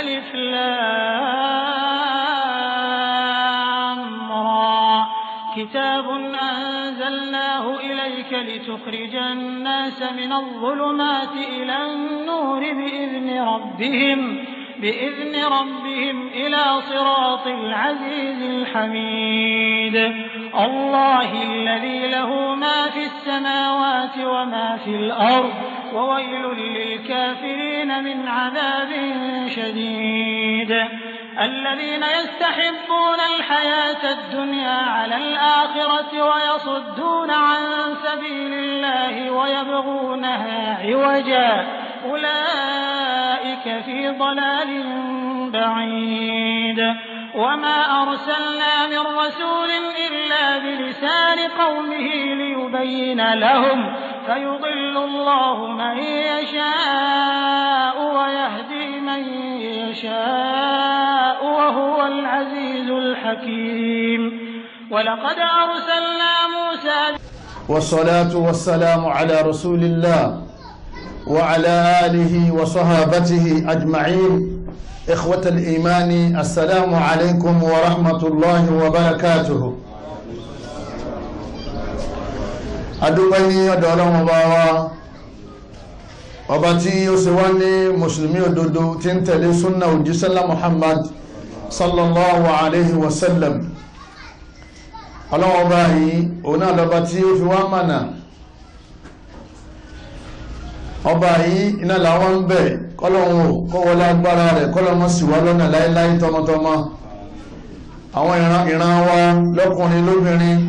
ألف كتاب أنزلناه إليك لتخرج الناس من الظلمات إلى النور بإذن ربهم بإذن ربهم إلى صراط العزيز الحميد الله الذي له ما في السماوات وما في الأرض وويل للكافرين من عذاب شديد الذين يستحبون الحياة الدنيا على الآخرة ويصدون عن سبيل الله ويبغونها عوجا أولئك في ضلال بعيد وما أرسلنا من رسول إلا بلسان قومه ليبين لهم فيضل الله من يشاء ويهدي من يشاء وهو العزيز الحكيم ولقد أرسلنا موسى والصلاة والسلام على رسول الله وعلى آله وصحابته أجمعين إخوة الإيمان السلام عليكم ورحمة الله وبركاته adúpẹ́ni ọ̀dọ̀ ọlọ́run ọba wa ọba tí ó ṣe wá ní mùsùlùmí òdodo tí ń tẹ̀lé súnà òjísẹ́lá Muhammad sallallahu alayhi wa sallam ọlọ́run ọba yìí òun náà lọ́ba tí ó fi wá mànà ọba yìí iná làwọn ń bẹ̀ kọ́lọ́hún ò kọ́wọ́lá agbára rẹ̀ kọ́lọ́mọ́ sì wá lọ́nà láéláé tọmọtọmọ àwọn ìran ìran wa lọ́kùnrin lóbìnrin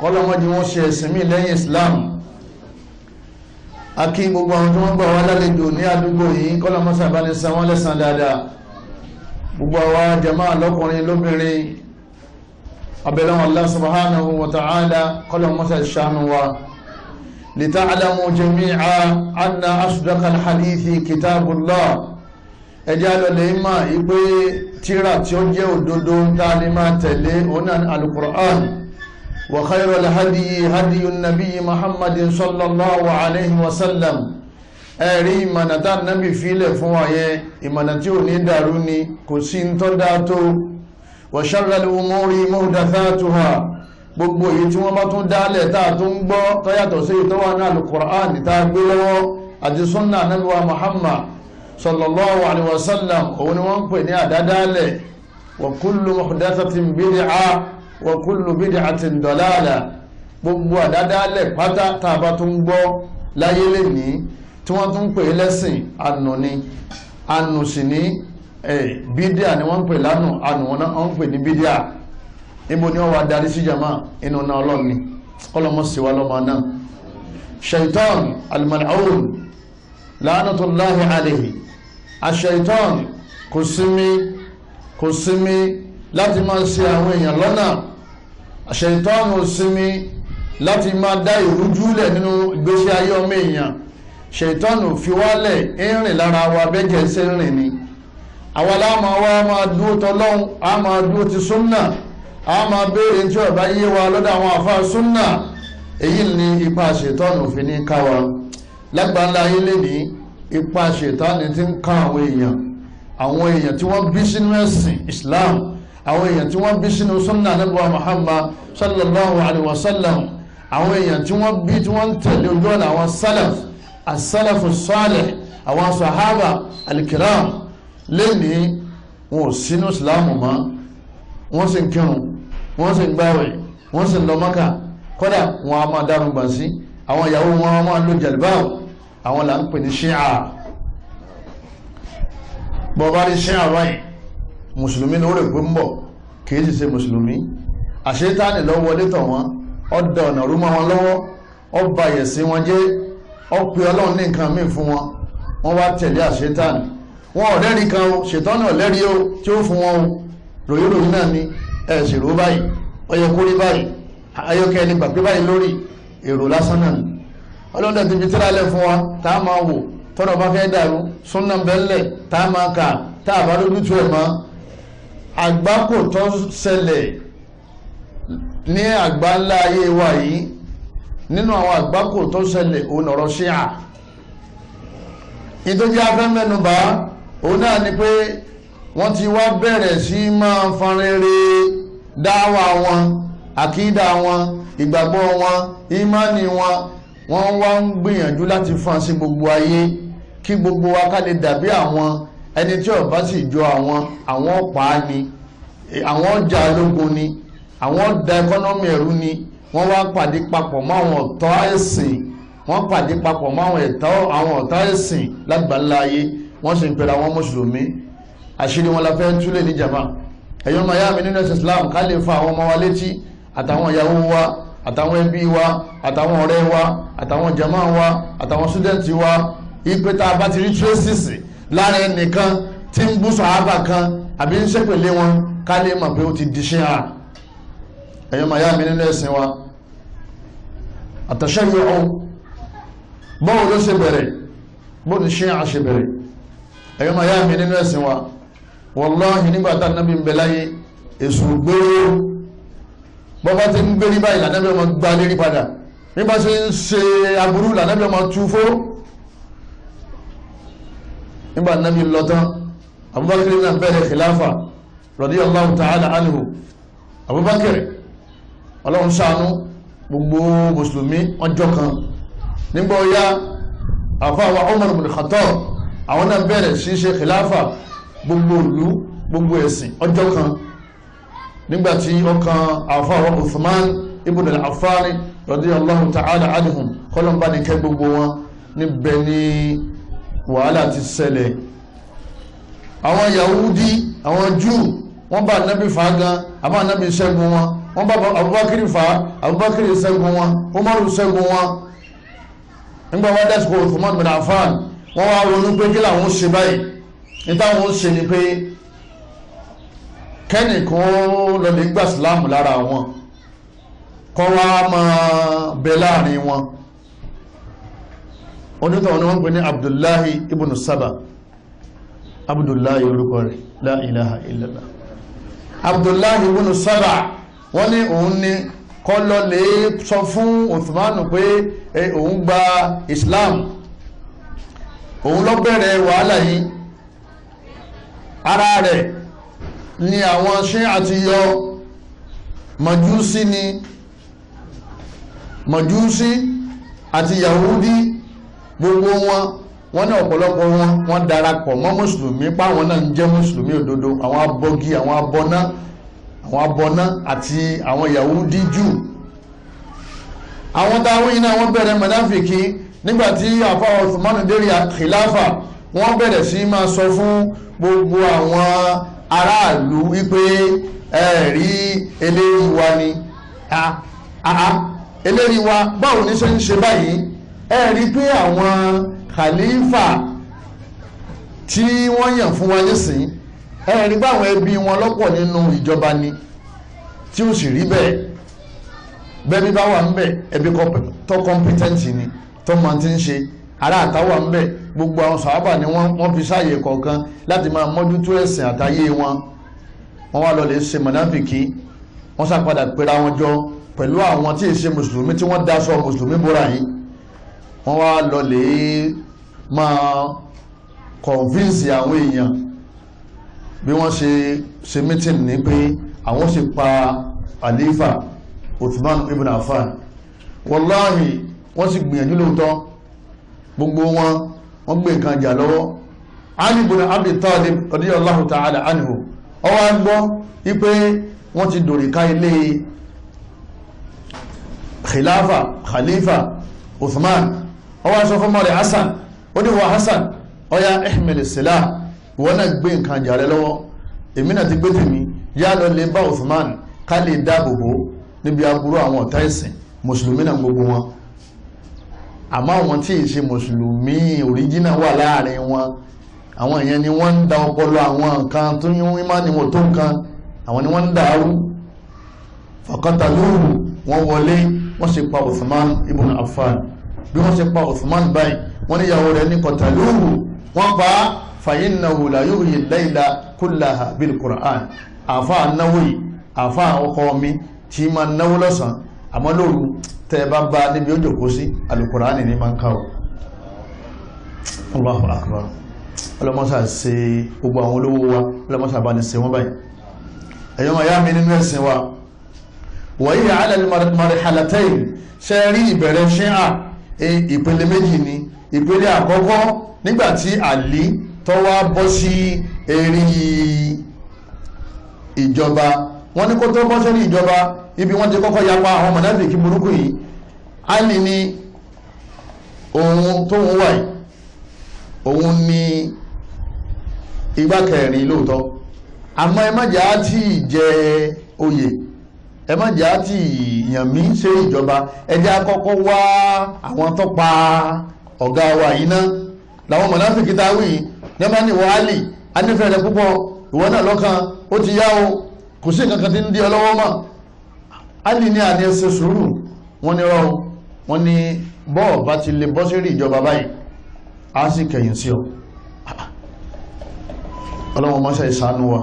kọ́lọ́mọ́ jí wọ́n ṣe ẹ̀sìn mí lẹ́yìn Islam a kí gbogbo àwọn tí wọ́n gbà wá lálejò ní àdúgbò yìí kọ́lọ́mọ́ sàbálẹ̀ san wọ́n lẹ́san dáadáa gbogbo àwa jàmá lọ́kùnrin lóbìnrin abẹ́lẹ́wọ̀n Allah subhanahu wa ta'ala kọ́lọ́mọ́ sàṣánú wa. لتعلموا جميعا أن أصدق الحديث كتاب الله ẹjẹ́ lọ́lẹ̀ ìmọ̀ ìpé tíra tí ó jẹ́ òdodo tá a lè máa tẹ̀lé ọ̀nà alukur'an wa khayra alhadiyi hadiyu nabiyyi muhammadin sallallahu alayhi wa sallam ẹ̀rí ìmọ̀nà tá nábì filẹ̀ fún wa yẹn ìmọ̀nà tí ò ní dàrú ni kò sí ń tọ́ dáa tó wa sharral umuri muhdathatuha gbogbo èyí tí wọ́n bá tún dálẹ̀ tá a tún gbọ́ tó yàtọ̀ sí èyí tó wà ní alukur'an tá a gbé lọ́wọ́ àti sunna anabiwa muhammad sallallahu alayhi wa sallam òun ni wọ́n ń pè ní àdádálẹ̀ wa kullu muhdathatin bid'a wa kullu bid'atin dalala gbogbo àdádálẹ̀ pátá tá a bá tún gbọ́ láyé lẹ́ni tí wọ́n tún pè é lẹ́sìn ànú ni ànú sì ní eh, bídíà ni wọ́n ń pè lánàá ànú wọn ń pè ní bídíà ibo ni wọ́n wá darí sí jama inú náà ọlọ́run ni kọ́lọ́mọ́ sí wa lọ́mọ náà shaitan al-mal'un la'natullahi alayhi ash-shaitan kò sinmi kò sinmi láti máa ṣe àwọn èèyàn lọ́nà ash-shaitan ò sinmi láti máa dá ìrújúlẹ̀ nínú ìgbésí ayé ọmọ èèyàn ṣètọ́nù fiwálẹ̀ ìrìn lára wa bẹ́jẹ̀ ṣe rìn ni àwa la máa máa dúró tọlọ́hun a máa dúró ti súnnà a máa béèrè tí ọ̀bá yé wa lọ́dọ̀ àwọn àfa súnà èyí ni ipa ṣètọ́nù fi ní ká wa lágbàlá ayé lẹ́ni ipa ṣètọ́nù ti ń ká àwọn èèyàn àwọn èèyàn tí wọ́n bí sínú ẹ̀sìn Islam àwọn èèyàn tí wọ́n bí sínú súnà nígbà Muhammad sallallahu alayhi wa sallam àwọn èèyàn tí wọ́n bí tí wọ́n ń tẹ̀lé ojú ọ̀nà àwọn salaf asalafu salih àwọn sahaba alikiram lẹ́ni wọn ò sínú Islam mọ́ wọ́n sì ń kírun wọ́n sì ń gbáwẹ̀ wọ́n sì ń lọ mọ́kà kódà wọn a máa dánu gbọ̀n sí àwọn ìyàwó wọn a máa lo jẹ̀lbáwò àwọn là ń pè ní ṣíà bọ́ọ̀bá ní ṣíà báyìí mùsùlùmí ni ó rè pé ń bọ̀ kì í sì ṣe mùsùlùmí àṣetáni lọ wọlé tọ̀ wọ́n ọ̀dà ọ̀nà rúmọ́ wọn lọ́wọ́ ọba àyẹ̀sí wọn jẹ́ ọ̀pẹ ọlọ́run ní nǹkan míì fún wọn wọ́n wá tẹ̀lé àṣetáni wọn ọ̀lẹ́rìí kan o ṣètọ́nà ọ̀lẹ́rìí o tí ó fún wọn o ròyìnròyìn náà ni ẹ sì rú báyìí ọyẹ kórí báyìí ayọkẹ ní gbàgbé báyìí lórí èrò lásán náà ọlọ́dẹ ti fi tíra lẹ̀ fún wa tá a máa wò tọ́nà bá fẹ́ dàrú súnà bẹ́lẹ̀ tá a máa kà tá a bá lójú tu ẹ̀ mọ́ àgbákò tó ṣẹlẹ̀ ní àgbáńlá ayé wa yìí nínú àwọn àgbákò tó ṣẹlẹ̀ òun ọ̀rọ̀ ṣíà ìtọ́jú afẹ́mẹ́nubá òun náà ni pé wọ́n ti wá bẹ̀rẹ̀ sí máa fanrere dáwà wọn àkídà wọn ìgbàgbọ́ wọn ìmánì wọn wọ́n wá ń gbìyànjú láti fan sí gbogbo ayé kí gbogbo wa ká lè dàbí àwọn ẹni tí ó bá sì jọ àwọn àwọn ọ̀pá ni àwọn ọjà ológun ni àwọn ọ̀dà ẹkọ́nọ́mì ẹ̀rú ni wọ́n wá pàdé papọ̀ mọ́ àwọn ọ̀tá ẹ̀sìn wọ́n pàdé papọ̀ mọ́ àwọn ọ̀tá ẹ̀sìn lágbàlá wọ́n sì ń pera wọn mùsùlùmí àṣírí wọn la fẹ́ túlẹ̀ ní jama ẹ̀yọ́ maya mi nínú ẹ̀sìn Islam ká lè fa àwọn ọmọ wa létí àtàwọn ìyàwó wa àtàwọn ẹbí wa àtàwọn ọ̀rẹ́ wa àtàwọn jama wa àtàwọn student wa ipe tá a bá ti rí traces lára ẹnìkan tí ń bú sàhábà kan àbí ń ṣépèlé wọn ká lè mọ̀ pé ó ti di ṣíà ẹ̀yọ́ maya mi nínú ẹ̀sìn wa àtàṣẹ́ mi ọ̀hún bọ́ọ̀ ló ṣe bẹ̀rẹ̀ bọ́ọ̀ ni ṣíà ṣe bẹ̀rẹ̀ ẹ̀yọ́ maya mi nínú ẹ̀sìn wa wọláhì nígbà tá nàbí ń bẹ láyé èṣù gbóró bọ́bá ti ń gbé ní báyìí lànàbí ọmọ gba lérí padà bí bá ṣe ń ṣe aburú lànàbí ọmọ tu fó nígbà nàbí lọ́tán Abubakar náà bẹ̀rẹ̀ khilafa radiyallahu ta'ala anhu Abubakar ọlọ́run ṣàánú gbogbo mùsùlùmí ọjọ́ kan nígbà ọ̀yá àfa wa Umar bin Khattab àwọn náà bẹ̀rẹ̀ sí ṣe khilafa gbogbo ìlú gbogbo ẹ̀sìn ọjọ́ kan nígbàtí ọkàn àfáwọ Uthman ibn al-Affan radiyallahu ta'ala anhum kọlọmbà ní kẹ gbogbo wọn níbẹ̀ ní wàhálà ti ṣẹlẹ̀ àwọn Yahudi àwọn Júù wọ́n bá nábì fa gan àbá nábì ṣẹ́gun wọn wọ́n bá Abubakar fa Abubakar ṣẹ́gun wọn Umaru ṣẹ́gun wọn nígbà wọ́n dẹ́sùkò Uthman bin Affan wọ́n wá ronú pé kí làwọn ṣe báyìí nítawọn ó ṣe ni pé kẹ́nìkan lọlé gbà síláàmù lára wọn kọ́ wa máa bẹ láàrin wọn onítọ̀wọ́n ni wọ́n ń pè ní Abdullahi ibn Saba Abdullahi orúkọ rẹ̀ la ilaha illallah Abdullahi ibn Saba wọ́n ní òun ní kọ́lọ́ lè sọ fún Uthmanu pé òun gba Islam òun lọ bẹ̀rẹ̀ wàhálà yìí ara rẹ̀ ni àwọn ṣé àti yọ mọ̀júsí ni mọ̀júsí àti yahudi gbogbo wọn wọ́n ní ọ̀pọ̀lọpọ̀ wọn wọ́n darapọ̀ mọ́ mùsùlùmí páwọn náà ń jẹ́ mùsùlùmí òdodo àwọn abọ́gi àwọn abọ́ná àwọn abọ́ná àti àwọn yahudi jù àwọn táwọn iná wọ́n bẹ̀rẹ̀ mọ̀dáfìkì nígbàtí àfáà Uthman dérí khilafa wọ́n bẹ̀rẹ̀ sí máa sọ fún gbogbo àwọn aráàlú wípé ẹ̀rí eléyìí wa ni eléyìí wa báwo ni ṣe ń ṣe báyìí ẹ̀rí pé àwọn khalifa tí wọ́n yàn fún wa nísìn ẹ̀rí báwọn ẹbí wọn lọ́pọ̀ nínú ìjọba ni tí ó sì rí bẹ́ẹ̀ bẹ́ẹ̀ bí bá wà ń bẹ̀ ẹbí tó competent ni tó máa ti ń ṣe ará àtàwà ń bẹ̀ gbogbo àwọn sàábà ni wọ́n fi sáàyè kọ̀ọ̀kan láti máa mójútó ẹ̀sìn àtayé wọn wọ́n wá lọ lè ṣe mọ̀nàfìkì wọ́n sàpadà pera wọn jọ pẹ̀lú àwọn tí ì ṣe mùsùlùmí tí wọ́n daṣọ mùsùlùmí bóra yìí wọ́n wá lọ lè máa kọ̀ǹfíǹsì àwọn èèyàn bí wọ́n ṣe ṣe mítìn ní pé àwọn ṣe pa àlífà Uthman ibn Affan wàláhì wọ́n sì gbìyànjú lóòótọ́ gbogbo wọn wọ́n gbé nǹkan jà lọ́wọ́ Ali ibn Abi Talib radiyallahu ta'ala anhu ọwọ́ ń gbọ́ wípé wọ́n ti dòrè ká ilé khilafa khalifa Uthman ọwọ́ aṣọ fún mọ́rẹ̀ Hassan ó ní wọ Hassan ọya ihmil silah wọ́n náà gbé nǹkan jà rẹ lọ́wọ́ èmi náà ti gbé tèmi yá lọ lè bá Uthman ká lè dáàbòbò níbi aburú àwọn ọ̀tá ẹ̀sìn mùsùlùmí náà gbogbo wọn àmọ́ àwọn tí ì ṣe mùsùlùmí òríjínà wà láàrin wọn àwọn èèyàn ni wọ́n ń da ọpọlọ àwọn nǹkan tó ní wọ́n má ní wọ́n tó nǹkan àwọn ni wọ́n ń dàrú fọ̀kọ́ta lóòrù wọ́n wọlé wọ́n ṣe pa Uthman ibn Affan bí wọ́n ṣe pa Uthman báyìí wọ́n ní ìyàwó rẹ̀ ní kọ̀tà lóòrù wọ́n pa fàyín náwó la yóò yí láìla kúláha Qur'an àfa náwó yìí àfa ọkọ mi tí máa náwó lọ́sàn-án àmọ́ lóòrù tẹ́ ẹ bá bá a níbi ó jòkó sí alukurani ní máa ń ká o Allahu akbar ọlọ́mọ́sà ṣe gbogbo àwọn olówó wa ọlọ́mọ́sà bá ní ṣe wọ́n báyìí ẹ̀yọ́ màá yá mi nínú ẹ̀sìn wa wọ́n yí alẹ́ marihalatayi ṣe rí ìbẹ̀rẹ̀ ṣíà ìpele méjì ni ìpele àkọ́kọ́ nígbà tí àlí tó bọ́ sí eré ìjọba wọ́n ní kó tó bọ́ sórí ìjọba ibi wọ́n ti kọ́kọ́ yapa àwọn mọ̀nàfíkì burúkú yìí Ali ni òun tóun wà yìí òun ni igbá kẹrin lóòótọ́ àmọ́ ẹ má jà á tí ì jẹ oyè ẹ má jà á tí ì yàn mí ṣe ìjọba ẹ jẹ́ wá àwọn tó ọ̀gá wa yìí ná làwọn mọ̀nàfíkì táwì ní wọ́n á ní wọ́n á lì á nífẹ̀ẹ́ púpọ̀ ìwọ náà lọ́kàn ó ti yá o kò sí kankan tí ń di ọlọ́wọ́ mọ́ alì ní àní ẹsẹ̀ sùúrù wọ́n ní rọrùn wọ́n ní bọ́ọ̀ bá ti lè bọ́ sí rí ìjọba báyìí á sì kẹ̀yìn sí ọ ọlọ́wọ́ mọ́ṣẹ́ ìsánú wa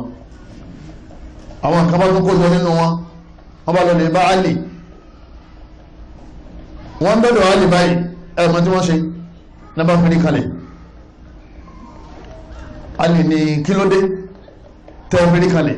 àwọn kan bá tún kó jọ nínú wọn wọ́n bá lọ lè bá alì wọ́n ń dọ́dọ̀ alì báyìí ẹ̀mọ́ tí wọ́n ṣe náà bá fẹ́rí kalẹ̀ alì ní kílódé tẹ́ fẹ́rí kalẹ̀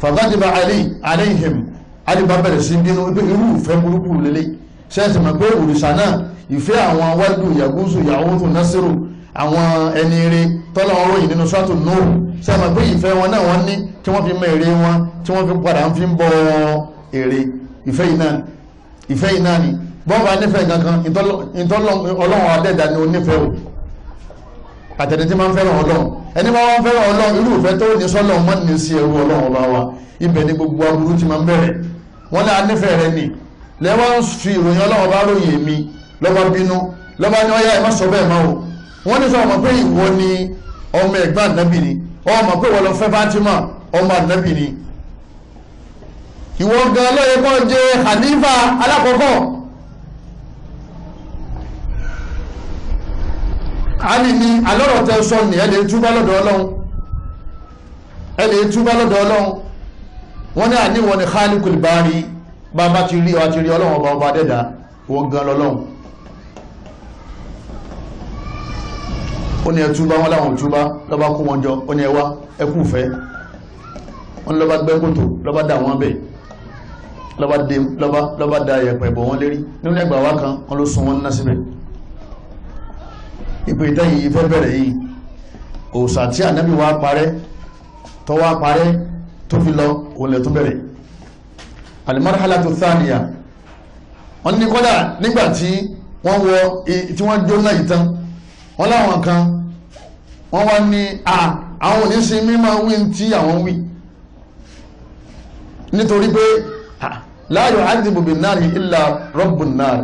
fàgádìbà aléìhìm alìbá bẹ̀rẹ̀ sí bínú pé irú ìfẹ́ burúkú lélẹ̀ sẹ́ẹ̀sì mọ̀ pé òrìṣà náà ìfẹ́ àwọn wádù yàgúsù yàwúsù násírù àwọn ẹni eré tọ́lọ̀ oróyìn nínú sọ́tù nóò sẹ́ẹ̀sì mọ̀ pé ìfẹ́ wọn náà wọ́n ní tí wọ́n fi mọ èrè wọn tí wọ́n fi padà ń fi ń bọ èrè ìfẹ́ yìí náà ni bọ́ọ̀bà nífẹ̀ẹ́ kankan ìtọ́lọ́ ọlọ́run adẹ́dà ni onífẹ́ o àtẹni tí máa ń fẹ́ràn ọlọ́run ẹni máa ń fẹ́ràn ọlọ́run irú ìfẹ́ tó ní sọ́lọ́run mọ́ ní sí ẹrú ọlọ́run ọba wa ibẹ̀ ni gbogbo aburú ti máa ń bẹ̀rẹ̀ wọ́n lé anífẹ́ rẹ nì lẹ́wọ́n fi ìròyìn ọlọ́run ọba ròyìn èmi lọ́ba bínú lọ́ba ní ọyá ẹ má sọ bẹ́ẹ̀ máa o wọ́n ní sọ ọmọ pé ìwọ ni ọmọ ẹ̀gbọ́n ànábì ni ọmọ pé ìwọ lọ fẹ́ Fatima ọmọ ànábì ni ìwọ gan lọ́yẹ kọ́ jẹ́ hanifa alákọ̀ọ́kọ́ àní ni alọ́rọ̀ tẹ sọ ní ẹ̀lẹ́ e túbá lọ́dọ̀ ọlọ́run ẹ̀lẹ́ e túbá lọ́dọ̀ ọlọ́run wọ́n ní àníwọ̀n ni khaliqul bari bàbá ti rí ọ̀tí rí ọlọ́run ọba ọba dẹ́dà wọ́n gan lọ́lọ́run ó ní ẹ̀túbá wọn láwọn òtúbá lọ́ba kó wọn jọ ó ní ẹwà ẹkú fẹ́ wọn lọ́ba gbẹ́ kòtò lọ́ba dà wọ́n bẹ̀ lọ́ba da yẹ̀pẹ̀ bọ̀ wọ́n lérí nínú ẹgbàá wá kan wọn ló sun wọn ná síbẹ̀ ìpè ìtẹ́yìn fẹ́ bẹ̀rẹ̀ yìí òòsà tí ànábì wa parẹ́ tó wá parẹ́ tó fi lọ òun lẹ̀ tó bẹ̀rẹ̀ alimarhalatu thaniya wọ́n ní kọ́dà nígbà tí wọ́n wọ tí wọ́n jóná ìtàn wọ́n láwọn kan wọ́n wá ní a àwọn oníṣẹ́ mímọ́ wí tí àwọn wí nítorí pé láàyò àdìbòbí náà illa rabbun náà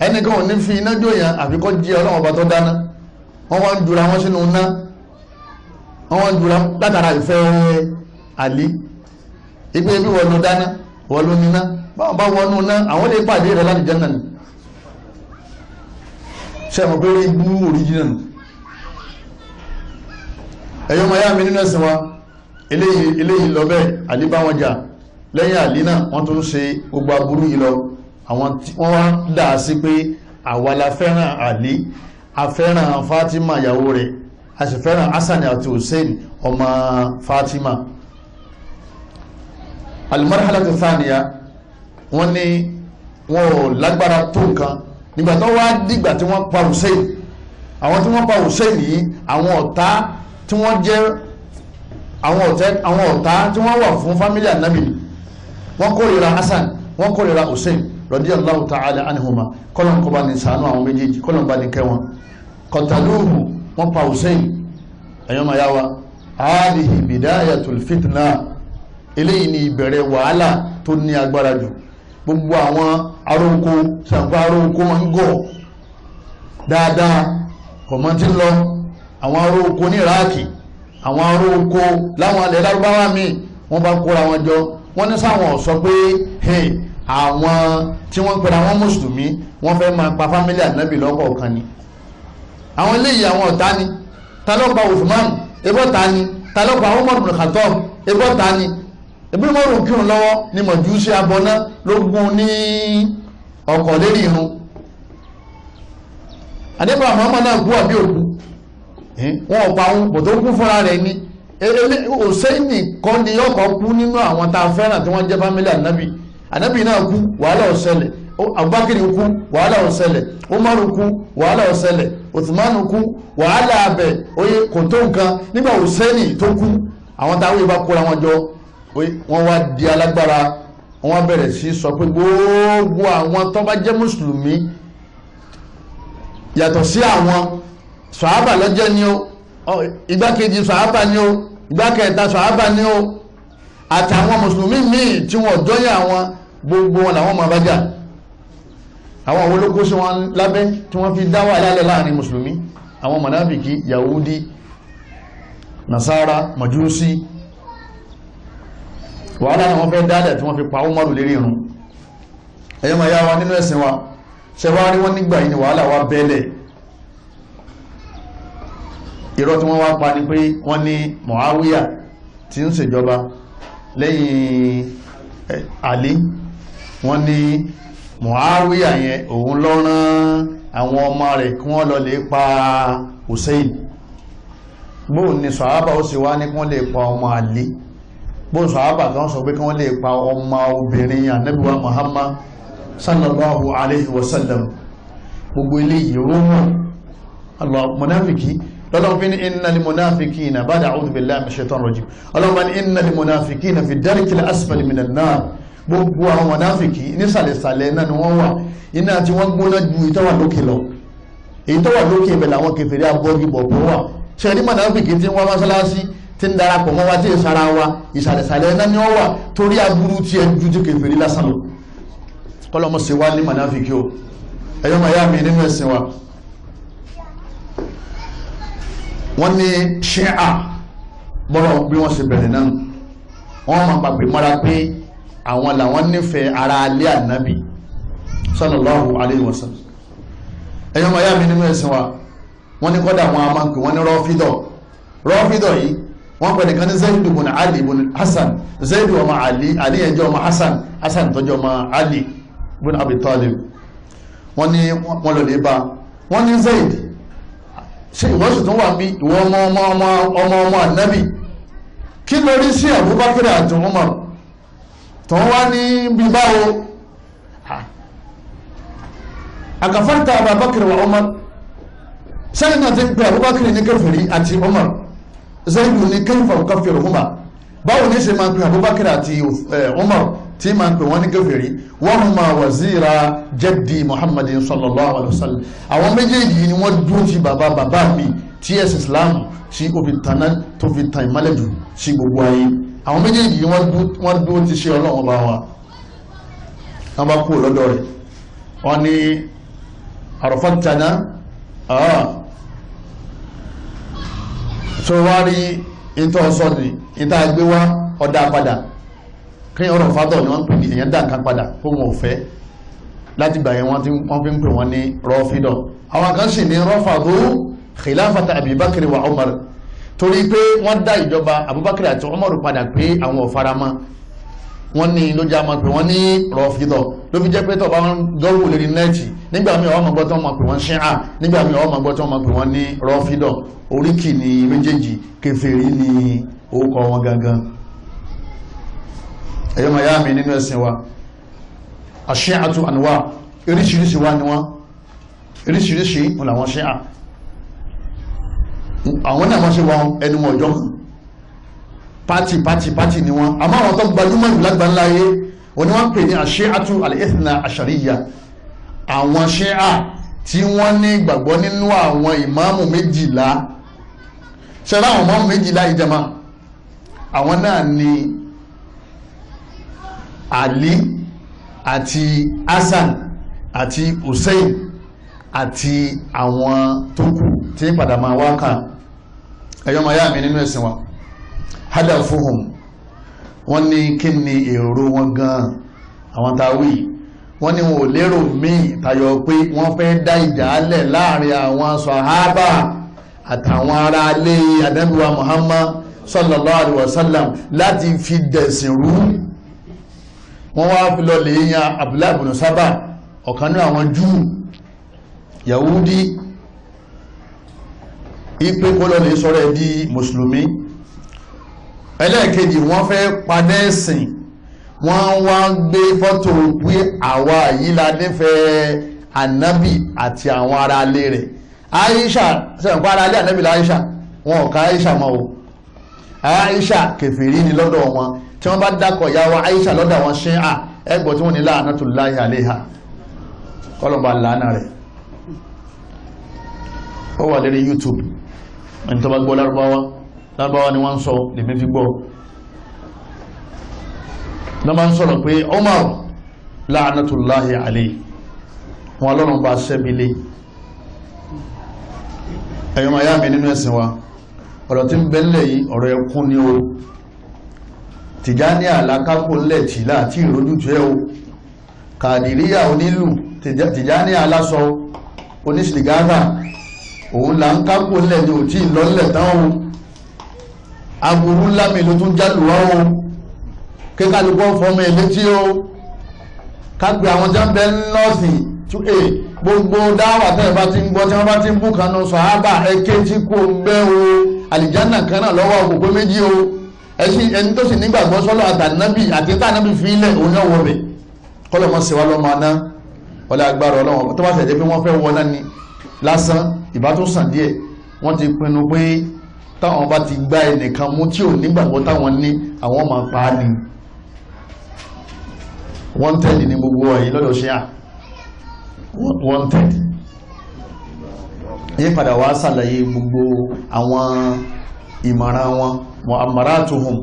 ẹnìkan ò ní fi iná jó yẹn àfi kọ́ jí ọlọ́run ọba tó dáná wọ́n wá ń jura wọn sínú iná wọ́n wá ń jura látara ìfẹ́ àlí ipe bí wọ́n lọ dáná wọ́n lọ níná báwọn bá wọnú iná àwọn lè pàdé rẹ̀ láti jẹ́ nàní sẹ́mu pé ibú òríjìnà nù ẹ̀yọ́ ọmọ yá mi nínú ẹ̀sìn wa eléyìí lọ bẹ́ẹ̀ àlí bá wọn jà lẹ́yìn àlí náà wọ́n tún ṣe gbogbo aburú yìí lọ àwọn tí wọ́n wá dà sí pé àwa la fẹ́ràn àlí a fẹ́ràn fatima ìyàwó rẹ̀ a sì fẹ́ràn hasan àti hussein ọmọ fatima alimarhalatu thaniya wọ́n ní wọn ò lágbára tó nǹkan nígbà tó wá dìgbà tí wọ́n pa hussein àwọn tí wọ́n pa hussein yìí àwọn ọ̀tá tí wọ́n jẹ́ àwọn ọ̀tá tí wọ́n wà fún fámílì ànábì wọ́n kórìíra hasan wọ́n kórìíra hussein radiyallahu ta'ala anhuma kọ́lọ́n kọ́ bá ní sànú àwọn méjèèjì kọ́lọ́n bá ní kẹwọn kọ̀tàlúhù wọ́n pa hussein ẹ̀yọ́n yá wa alihi bidayatul fitna eléyìí ni ìbẹ̀rẹ̀ wàhálà tó ní agbára jù gbogbo àwọn aróko sàǹfà aróko wọn ń gọ̀ dáadáa kọ̀mọ́ntì lọ àwọn aróko ní iraaki àwọn aróko láwọn alẹ́ lárúbáwá míì wọ́n bá kóra wọn jọ wọ́n ní sáwọn sọ pé àwọn tí wọ́n ń pera wọn mùsùlùmí wọ́n fẹ́ máa pa fámílì ànábì lọ́kọ̀ kan ni àwọn eléyìí àwọn ọ̀tá ni ta ló pa Uthman ebọ́ ta ni ta ló pa Umar bin Khattab ebọ́ ta ni ebi wọn rò kírun lọ́wọ́ ni mọ̀júsí abọ́ná ló gún ní ọkọ̀ lérí irun àdébà mọ́mọ́ náà gbọ́ àbí òkú wọn ò pa òun bòtó kú fúnra rẹ̀ ni òsèǹdì kan ni ọkọ̀ kú nínú àwọn tá a fẹ́ràn tí wọ́n jẹ́ fámílì ànábì anabi náà kú wàhálà ó ṣẹlẹ̀ abubakar kú wàhálà ó ṣẹlẹ̀ umar kú wàhálà ó ṣẹlẹ̀ uthman kú wàhálà abẹ oye kò tó nǹkan nígbà hussein tó kú àwọn táwọn yìí bá kóra wọn jọ wọn wá di alágbára wọn bẹ̀rẹ̀ sí sọ pé gbogbo àwọn tó bá jẹ́ mùsùlùmí yàtọ̀ sí àwọn sàábà lọ́jẹ́ ni ó igbákejì sàábà ni ó igbákẹta sàábà ni ó àtàwọn mùsùlùmí míì tí wọ́n jọyìn àwọn gbogbo wọn làwọn máa bá jà àwọn àwọn olóko sí wọn lábẹ́ tí wọ́n fi dá wà lálẹ́ láàrin mùsùlùmí àwọn mọ̀nàbìkì yahudi nasara majusi wàhálà náà wọ́n fẹ́ dálẹ̀ tí wọ́n fi pa Umaru lérí irun ẹ̀yọ́ máa yá wa nínú ẹ̀sìn wa ṣẹwárí wọn nígbà yìí ni wàhálà wa bẹ́lẹ̀ irọ́ tí wọ́n wá pa ni pé wọ́n ní Muawiya tí ń ṣèjọba lẹ́yìn eh, Ali wọ́n ní Muawiya yẹn òun ló rán àwọn ọmọ rẹ̀ kí wọ́n lọ lè pa Hussein bóun ni sọ̀hábà ó sì wá ní kí wọ́n lè pa ọmọ àlè bóun sọ̀hábà kan sọ pé kí wọ́n lè pa ọmọ obìnrin ànábìwá Muhammad sallallahu alayhi wa sallam gbogbo ilé ìyẹ̀wò mọ̀ mọ̀náfìkì lọ́lọ́run fi ní innal munafiqina ba'da a'udhu billahi minash shaitanir rajim ọlọ́run bá ní innal munafiqina fi darkil asfali minan nar gbogbo àwọn mọ̀náfìkì nísàlẹ̀sàlẹ̀ náà ni wọ́n wà iná tí wọ́n gbóná ju ìtọ́wà lókè lọ èyí tọ́wà lókè ibẹ̀ làwọn kẹfẹ́rẹ́ abọ́gibọ̀ bọ́ wà ṣe ní mọ̀náfìkì tí wọ́n mọ́sálásí tí ń darapọ̀ mọ́ wa tí ì sara wa ìsàlẹ̀sàlẹ̀ náà ni wọ́n wà torí aburú tí ẹ ju ti kẹfẹ́rẹ́ lásán lọ kọ́lọ́mọ ṣe wá ní mọ̀náfìkì o ẹ̀yọ́ màá yá mi nínú ẹ̀sìn wa wọ́n ní ṣíà bọ́lọ̀ bí wọ́n ṣe bẹ̀rẹ̀ náà wọ́n máa pàpè mọ́ra pé àwọn làwọn nífẹ̀ẹ́ ara alẹ́ ànábì ma yá mi nínú ẹ̀sìn wa wọ́n ní kọ́dà àwọn amáǹkì wọ́n ní rọ́fídọ̀ rọ́fídọ̀ yìí wọ́n pẹ̀lú kan ní zayidu bùn ali bùn hasan zayidu ọmọ ali ali ẹ̀jẹ̀ ọmọ hasan hasan tọ́jú ọmọ ali bùn abi wọ́n ní wọ́n lọ lè ba wọ́n ní zayid ṣe ìwọ́n ọmọ ọmọ ọmọ ọmọ tó wá ní bí báwo àgàfàtà àbàbàkìrì wà Umar sẹ́yìn náà ti ń pè àbúbákìrì ní kèfèrí àti Umar zayidu ní kẹfà kọfẹ̀rẹ̀ huma báwo ní ṣe máa pè Abubakar àti eh, Umar tí máa pè wọ́n ní kèfèrí wọ́n mú ma wazira jaddi Muhammadin sallallahu alayhi wa sallam àwọn méjèèjì ni wọ́n dúró ti bàbá bàbá mi tí Islam tí ó tó fi tàn ìmọ́lẹ̀ jù sí gbogbo ayé àwọn méjèèjì wọ́n dúró ti ṣe ọlọ́run ọba wọn wọ́n bá kúrò lọ́dọ̀ rẹ̀ wọ́n ní àròfọ́ntana tó wá rí ìtọ́ sọ́ọ̀nì ìta gbé wá ọ̀dà padà kí ọ̀rọ̀ fádọ̀ ni wọ́n pè ní èèyàn dà nǹkan padà kó wọn ò fẹ́ láti gbà yẹn wọ́n fi ń pè wọ́n ní rọ́fídọ̀ àwọn kan sì ní rọ́fàdó khilafata Abi Bakr wa Umar torí pé wọ́n dá ìjọba Abubakar àti Umaru padà pé àwọn ọ̀farama wọ́n ní lójú àmọ́ pé wọ́n ní rọ̀fìdọ̀ ló fi jẹ́ pé tọ́ba wọn dọ́wọ́ lórí nẹ́ẹ̀tì nígbà míì ọmọ gbọ́ tó wọn pè wọ́n ṣíà nígbà míì ọmọ gbọ́ tó wọn pè wọ́n ní rọ̀fìdọ̀ oríkì ní méjèèjì kèfèrí ní orúkọ wọn gangan. ẹ̀yọ́ màá yá mi nínú ẹ̀sìn wa àṣìá àtúwàníwá oríṣiríṣi wá ni wọ́n oríṣiríṣi wọn làwọn ṣíà àwọn náà wọ́n ṣe wọn ẹnu wọn kan pati pati pati ni wọn àmọ́ àwọn tó gbajúmọ̀ jù lágbàńlá yé wọn ni wọ́n pè ní àṣeàtú àlẹ́sìnà àṣàríyà àwọn ṣẹ́à tí wọ́n ní gbàgbọ́ nínú àwọn ìmáàmù méjìlá ṣẹlá àwọn ìmáàmù méjìlá ìjàmá àwọn náà ni Ali àti Hasan àti Hussein àti àwọn tó kù tí padà máa wá kàn ẹ̀yọ́ máa yá mi nínú ẹ̀sìn wa hadafuhum wọ́n ní kí ni èrò wọn gan-an àwọn tá a wí wọ́n ní wọn ò lérò míì tayọ pé wọ́n fẹ́ dá ìjà alẹ̀ láàrin àwọn sàhábà àtàwọn ará alẹ́ adẹ́bíwá Muhammad sallallahu alaihi wasallam láti fi dẹ̀sìn rú wọ́n wá lọ lè yan Abdullahi bin Saba ọ̀kan náà àwọn Júù Yahudi ipe kólọ́ lè sọ̀rọ̀ ẹ̀ di mùsùlùmí ẹlẹ́ẹ̀kejì wọ́n fẹ́ padà ẹ̀sìn wọ́n wá ń gbé fọ́tò pé àwa yìí la nífẹ̀ẹ́ ànábì àti àwọn ará ilé rẹ̀ Aisha sẹ̀ǹkọ́ ará ilé ànábì la Aisha wọn ò ká Aisha mọ́ o Aisha kèfèrí ni lọ́dọ̀ wọn tí wọ́n bá dákọ̀ ya wa Aisha lọ́dọ̀ wọn ṣe à ẹgbọ́ tí wọ́n ní la'natullahi alayha kọ́lọ́mbà lánàá rẹ̀ ó wà lórí YouTube ẹni tó bá gbọ́ lárúbáwá lárúbáwá ni wọ́n sọ lèmi fi gbọ́ na ma ń sọ̀rọ̀ pé Umar la'anatullahi alayhi wọn lọ́rùn bá sẹ́bílé ẹ̀yọ́ ma yá mi nínú ẹ̀sìn wa ọ̀rọ̀ tí ń bẹ́lẹ̀ yìí ọ̀rọ̀ ẹkún ni o Tìjàní alákápò ńlẹ̀ tìlá àti ìrójútu ẹ o Kàdìríyà onílù Tìjàní alásọ oníṣìlìgáàtà òun là ń kápò ńlẹ̀ ni ò tí ì lọ́lẹ̀ tán o aburú ńlá mi ló tún jálùwá o kíkálukọ́ fọmọ ẹ̀ létí o kápẹ́ àwọn jábẹ́ nọ́ọ̀sì tún è eh, gbogbo dáwà tẹ́ ẹ̀ bá ti ń gbọ́ tí wọ́n bá ti ń bùkànnù sọ̀hábà ẹ kéjì kó ń bẹ́ o àlìjánà kan náà lọ́wọ́ òkòkò méjì o ẹsìn ẹni tó sì nígbàgbọ́ sọ́lọ́ àtànábì àti tànábì fílẹ̀ òun náà wọ̀ bẹ̀ kọ́lọ̀ mọ́ sèwá lọ́mọ aná ọlẹ́ agbára ọlọ́wọ́n tó bá ni lásán ìbá tó sàn díẹ̀ wọ́n ti pinnu pé táwọn bá ti gbá ẹnìkan mú tí ò nígbàgbọ́ táwọn ní àwọn máa pa á ni wanted ni gbogbo ẹ̀yìn lọ́dọ̀ ṣe à wanted yí padà wá sàlàyé gbogbo àwọn ìmọ̀ràn wọn mu'amaratuhum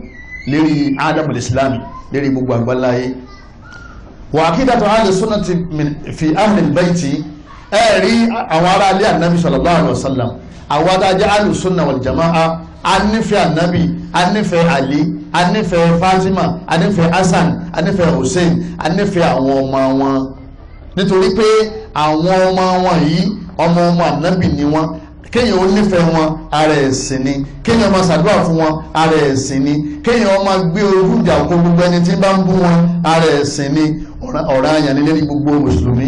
lérí adamul islami lérí gbogbo àgbáláyé wa aqidatu ahli sunnati fi ahli albayti ẹ rí àwọn ará ilé ànábì sallallahu alaihi wasallam àwọn adájọ́ alùsùnà wal jamaa anífẹ́ ànábì anífẹ́ àlí anífẹ́ Fatima anífẹ́ Hasan anífẹ́ Hussein anífẹ́ àwọn ọmọ wọn nítorí pé àwọn ọmọ wọn yìí ọmọ ọmọ ànábì ni wọn kéèyàn ó nífẹ̀ẹ́ wọn ara ẹ̀sìn ni kéèyàn máa ṣàdúrà fún wọn ara ẹ̀sìn ni kéèyàn máa gbé ojú ìjà kó gbogbo ẹni tí bá ń bú wọn ara ẹ̀sìn ni ọ̀ranyàn nílé gbogbo mùsùlùmí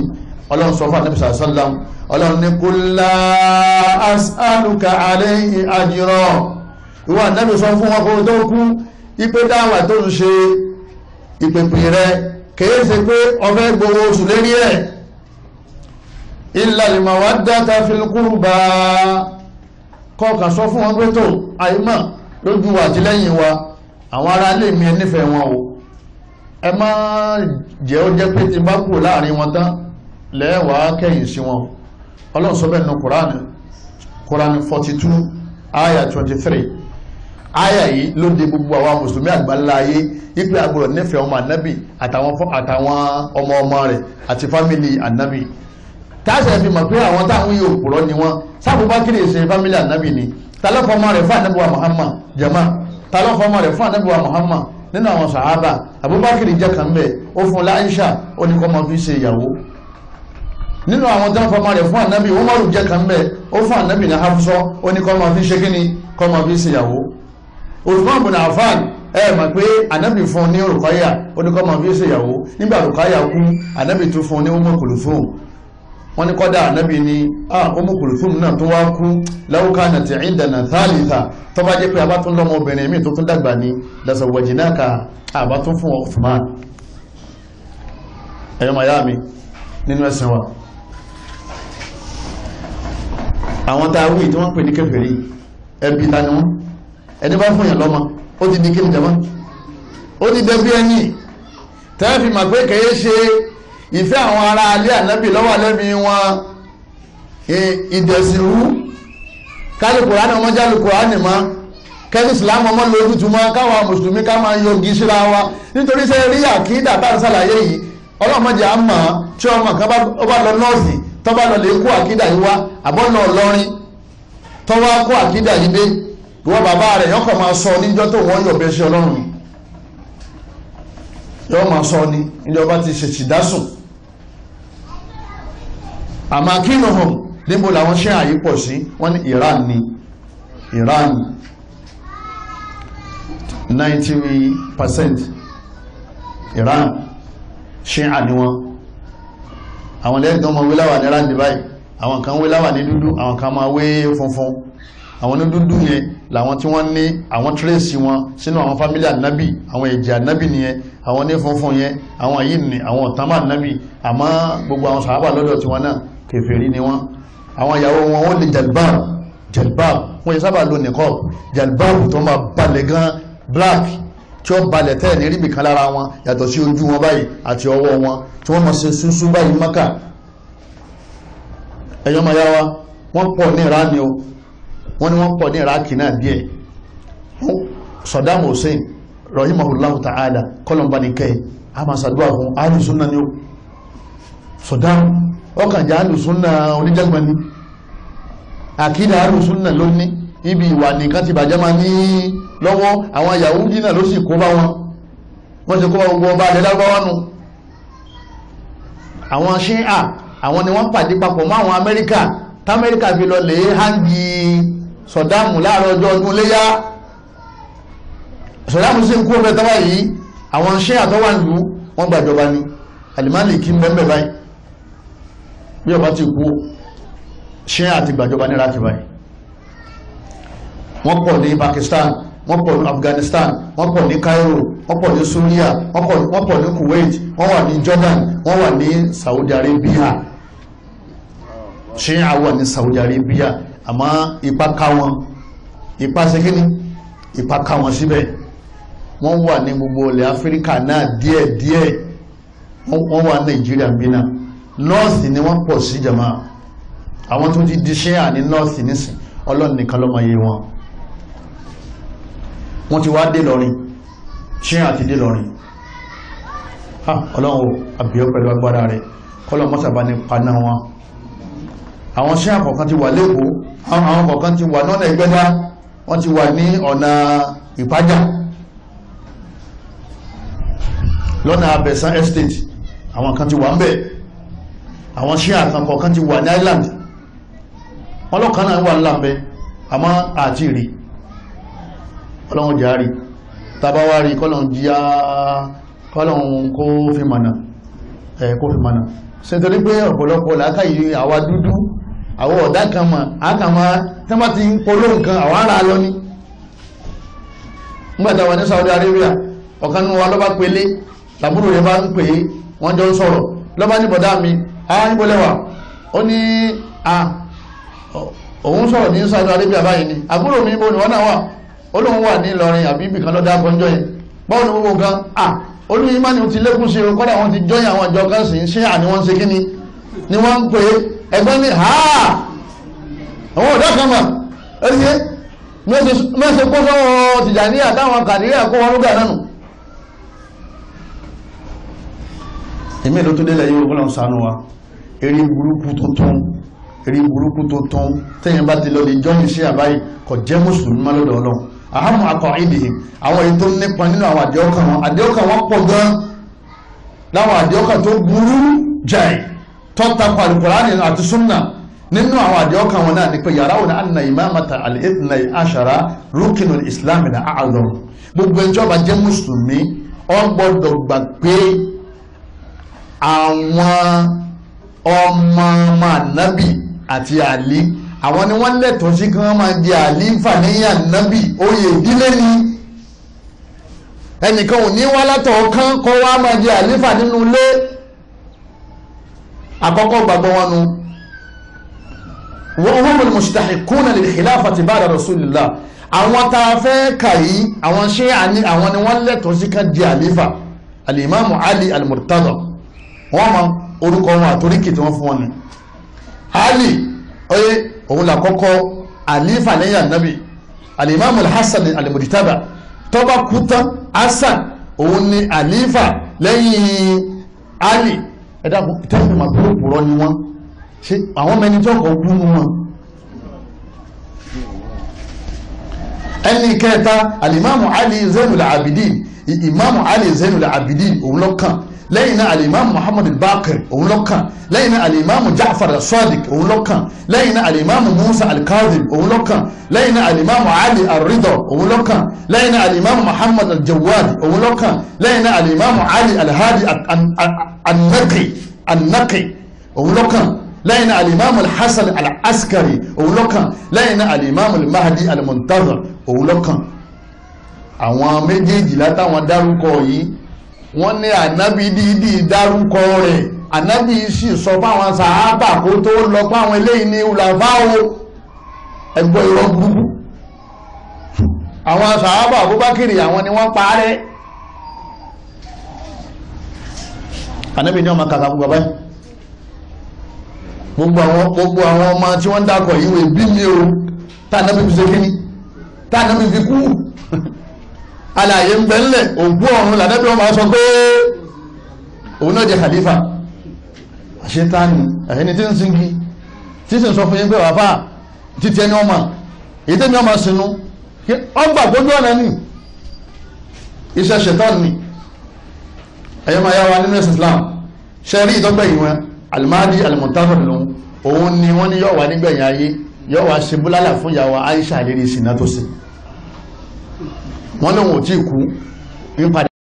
ọlọ́run sọ fún anabi sàlám ọlọ́run ní kúlá asálùkà alẹ́ àjírọ̀ ìwọ anabi sọ fún wọn kó tó kú ipe dáwà tó ń ṣe ìpèpè rẹ kìí ṣe pé ọfẹ́ gbowó oṣù lérí ẹ̀ ìlàlì mawaddata fil qurba kọkà sọ fún wọn tó àìmọ̀ lójú wa àti lẹ́yìn wa àwọn ará lè mi ẹ nífẹ̀ẹ́ wọn o ẹ má jẹ́ ó jẹ́ pé ti bá kù láàrin wọn tán lẹ́wàá kẹ́yìn sí wọn ọlọ́run sọ bẹ́ẹ̀ nínú kùránì kùránì 42 aya 23 aya yìí ló dé gbogbo àwọn mùsùlùmí àgbáńlá ayé ipe agbọ̀rọ̀ nífẹ̀ẹ́ ọmọ ànábì àtàwọn ọmọ ọmọ rẹ̀ àti fámìlì ànábì táṣẹ̀ fi mọ̀ pé àwọn táwọn yóò pùrọ̀ ni wọ́n sábúbá kiri ṣe fámílì ànábì ni talọ́fọ́mọ́ rẹ̀ fún ànábì wa Muhammad jama talọ́fọ́mọ́ rẹ̀ fún ànábì wa Muhammad nínú àwọn sàhábà Abubakar jẹ́ kan bẹ́ẹ̀ ó fún láìṣà ó ní kọ́mọ fi ṣe ìyàwó nínú àwọn tó ń fọmọ rẹ̀ fún ànábì Umaru jẹ́ kan bẹ́ẹ̀ ó fún ànábì ní hafsọ́ ó ní kọ́ máa fi ṣe kíni kọ́ máa fi ṣèyàwó Usman bin Affan ẹ mọ̀ pé ànábì fún ní Rukaya ó ní kọ́ máa fi ṣèyàwó nígbà Rukaya kú ànábì tún fún ní Umu Kulthum wọ́n ní kọ́dá ànábì ní Umu Kulthum náà tó wá kú law kanat indana thalitha tó bá jẹ́ pé a Uthman ẹ̀yọ́ mayami nínú ẹ̀sìn wa àwọn tá a wí tí wọ́n pè ní kèfèrí ẹbí ta ni wọ́n ẹni bá fún yàn lọ́mọ ó ti di kí ni jẹ́ mọ́ ó ti dẹ́bí ẹni tẹ́ẹ̀fì mà pé kẹ́yẹ́ ṣe ìfẹ́ àwọn ará alẹ́ ànábì lọ́wọ́ lẹ́mi wọn ìdẹ̀sìrú kálí kùránì ọmọ jálù kùránì mọ́ kẹ́sì ìsìlámù ọmọ lójú túmọ̀ káwa mùsùlùmí ká máa yọgi síra wa nítorí sẹ́ẹ̀rí àkídà tá a sàlàyé yìí ọlọ́mọdé àmọ́ tí ọmọ kan bá lọ nọ́ọ̀sì tọ́ba lọ lè kó àkídà yìí wá àbọ̀ lọ lọ́rin tọ́wọ́ kó àkídà yìí dé ìwọ bàbá rẹ̀ yọ kàn máa sọ níjọ́ tó wọ́n yọ̀ bẹ́sẹ̀ ọlọ́run yọ máa sọ ni ìjọba ti ṣèṣì dásùn àmọ́ akínú hàn níbo làwọn ṣe àyè pọ̀ sí wọ́n ní Iran ni Iran ninety percent Iran ṣe àníwọ̀n àwọn lẹ́gbẹ̀ẹ́ ọmọ wíláwà ní ráńdì báyìí àwọn kan wíláwà ní dúdú àwọn kan máa wé funfun àwọn ní dúdú yẹn làwọn tí wọ́n ní àwọn tírèsì wọn sínú àwọn fámílì ànábì àwọn èjì ànábì nìyẹn àwọn ní funfun yẹn àwọn yìí ni àwọn ọ̀tánmà ànábì àmọ́ gbogbo àwọn sàábà lọ́dọ̀ tiwọn náà kèfèrí ni wọ́n àwọn ìyàwó wọn wọ́n lè jalbab jalbab wọ́n yẹ sábà lo nìkọ́ jalbab tó máa balẹ̀ gan black tí ó balẹ̀ tẹ́ẹ̀ ní ríbi kan lára wọn yàtọ̀ sí ojú wọn báyìí àti ọwọ́ wọn tí wọ́n mọ̀ ṣe sunsun báyìí mọ́kà ẹ̀yọ́ máa yá wa wọ́n pọ̀ ní ìránì o wọ́n ní wọ́n pọ̀ ní ìrákì náà díẹ̀ Saddam Hussein rahimahullahu ta'ala kọlọmbanikẹ́ a máa ṣàdúrà fún alùsùnà ni ó Saddam ọkànjá alùsùnà oníjàgbọ́n ni àkídà alùsùnà lónìí ibi ìwà nìkan ti bàjẹ́ máa ní lọ́wọ́ àwọn Yahudi náà ló sì kó bá wọn wọ́n ti kó bá gbogbo ọba àdẹ́lá bá wọn nù àwọn ni wọ́n pàdé papọ̀ mọ́ àwọn Amẹ́ríkà tamẹ́ríkà fi lọ lè hangi sọ̀dáàmù láàárọ̀ ọjọ́ ọdún léyá sọ̀dáàmù sí ń kú ọbẹ̀ tọ́wà yìí àwọn ṣíà tó wà nílùú wọ́n gbàjọba ni alimani kí mẹ́mẹ́ báyìí bí ọba ti kú ṣíà ti gbàjọba ní rákì báyìí wọ́n pọ̀ ní Pakistan wọ́n pọ̀ ní Afghanistan wọ́n pọ̀ ní Cairo wọ́n pọ̀ ní Syria wọ́n pọ̀ ní Kuwait wọ́n wà ní Jordan wọ́n wà ní Saudi Arabia ṣé àwa ní Saudi Arabia àmọ́ ipa ká wọn ipa ṣe kí ni ipa ká wọn síbẹ̀ wọ́n wà ní gbogbo ilẹ̀ Áfíríkà náà díẹ̀díẹ̀ wọ́n wà Nàìjíríà bí nọ́ọ̀sì ni wọ́n pọ̀ sí jama àwọn tó ti di ṣẹ́yà ní nọ́ọ̀sì nísìn ọlọ́run nìkan ló mọ iye wọn wọ́n ti wá dé lọ́rin ṣe àti dé lọ́rin ọlọ́run pẹ̀lú agbára rẹ̀ mọ́sàbá ní paná wọn àwọn ṣe àkọ̀kan ti wà lẹ́kọ̀ọ́ àwọn ti wà wọ́n ti wà ní ọ̀nà lọ́nà abẹ̀sán estate àwọn kan ti wà ń bẹ̀ àwọn ṣe àkọ̀kan ti wà ní island wọ́n wà ńlá bẹ ọlọ́run jàárì tàbáwárí kọ́lọ̀n jíá kọ́lọ̀n kó fi mọ̀nà kó fi mọ̀nà ṣe pé ọ̀pọ̀lọpọ̀ látàyí àwa dúdú àwọ ọ̀dá kan mọ̀ àkàmọ́ tẹ́ bá ti ń poló nǹkan àwọn ará lọ ní nígbàtà ní Saudi Arabia wa lọ́ba pélé làbúrò rẹ̀ bá ń pè é wọ́n jọ ń sọ̀rọ̀ lọ́ba ní bọ̀dá mi ń ó ní Saudi Arabia báyìí ni àbúrò mi bó ni wọ́n olóhùn wà ní Ìlọrin àbí ibì kan lọ́dá kọjọ́ yẹn bọ́ọ̀lù gbogbo kan à olóyìn má ni ó ti lékún sí o kọ́dà wọ́n ti jọyìn àwọn àjọ kan sì ń ṣe àní wọ́n ṣe kíni ni wọ́n ń pè é ẹgbẹ́ ní ha àwọn ọ̀dọ́ kan mà ó ti yé mẹ́sẹ̀ kó sọ́wọ́ tìjàníyà táwọn kàdírí àkó wọn lóga nánu èmi ìlú tó délẹ̀ yóò gbọ́nà sànú wa eré burúkú tó tán eré burúkú tó tán tẹ́yìn bá ti lọ lè jọ́ sí àbáyé kò jẹ́ mùsùlùmí má lọ́dọ̀ ọlọ́run ahamu akọ̀ ìdìhì àwọn èyí tó nípa nínú àwọn àdéhùkàn wọn àdéhùkàn wọn pọ̀ gan láwọn àdéhùkàn tó burú jàì tọ́ta pàlùkùránì àti súnà nínú àwọn àdéhùkàn wọn náà ni pé yàrá òun àna ìmáàmàtà àlẹ́tìnà àṣàrà rúkìnù ìsìlámì náà àádọ́rù gbogbo ìjọba jẹ́ mùsùlùmí ó gbọ́dọ̀ gbà pé àwọn ọmọ ọmọ àti àlí àwọn ni wọ́n lẹ́tọ̀ọ́ sí kí wọ́n máa di àlífà níyà nábì oyè ìdílé ni ẹnìkan ò ní wá látọ̀ kán kọ́ wá máa di àlífà nínú ilé àkọ́kọ́ gbàgbọ́ wọn nu wọ́n wọ́n mọ̀ mustahiquna lil khilafati ba'da rasulillah àwọn tá a fẹ́ kà yìí àwọn ṣé àwọn ni wọ́n lẹ́tọ̀ọ́ sí kán di àlífà alimamu ali al wọ́n mọ orúkọ wọn àtoríkì tí wọ́n fún wọn ni ali oye òun là kọ́kọ́ àlífà lẹ́yìn ànábì alimami alhassan alimujitaba tọ́ba kutan hasan òun ni àlífà lẹ́yìn ali ẹ̀dá tẹ́sán ma kúrò pùrọ́ ni wọ́n ṣe àwọn mẹni tí ọkọ̀ kú nu wọn. ẹni kẹta alimami ali zainul abidin imamu ali zainul abidin òun lọ́kàn lẹ́yìn náà alimami muhammadu bakir òun ló kàn lẹ́yìn náà alimami jaafar sadiq òun ló kàn lẹ́yìn náà alimami musa alkazim òun ló kàn lẹ́yìn náà alimami ali aridọ òun ló kàn lẹ́yìn náà alimami muhammad aljawad òun ló kàn lẹ́yìn náà alimami ali alhadi annaki annaki òun ló kàn lẹ́yìn náà alimami alhassan alaskari òun ló kàn lẹ́yìn náà alimami almahdi almuntazir òun ló kàn àwọn méjèèjìlá táwọn dárúkọ yìí wọ́n ní ànábì dídí dárúkọ rẹ̀ ànábì sì sọ fáwọn sàábà kó tó lọ fáwọn eléyìí ní ìlàfà o ẹgbọ́ irọ́ burúkú àwọn sàábà Abubakiri àwọn ni wọ́n parẹ́ ànábì ní ọmọ kàkà fún bàbá yìí gbogbo àwọn gbogbo àwọn ọmọ tí wọ́n dákọ̀ yìí wò bí mi o tá ànábì fi ṣe kíni tá ànábì fi kú alàyè ń bẹ ńlẹ̀ ògbó ọ̀run làdẹ́bí wọn máa sọ pé òun náà jẹ́ khalifa àṣetáni ẹni tí ń singi tí sì ń sọ fún yín pé bàbá títí ẹni ọmọ èyí tẹ́mi ọmọ sinú ọgbà gbójú ọ̀nà ni iṣẹ́ ṣetán ni ẹ̀yọ́ máa yá wa nínú ẹ̀sìn Islam ṣe rí ìdọ́gbẹ̀yìn wọn alimadi alimuntafa lòun òun ni wọ́n ní yọ̀wá nígbẹ̀yìn ayé yọ̀wá ṣe búlálà fún ìyàwó Aisha lérí ìsìn náà tó sí wọ́n lóun ò tí kú ń padà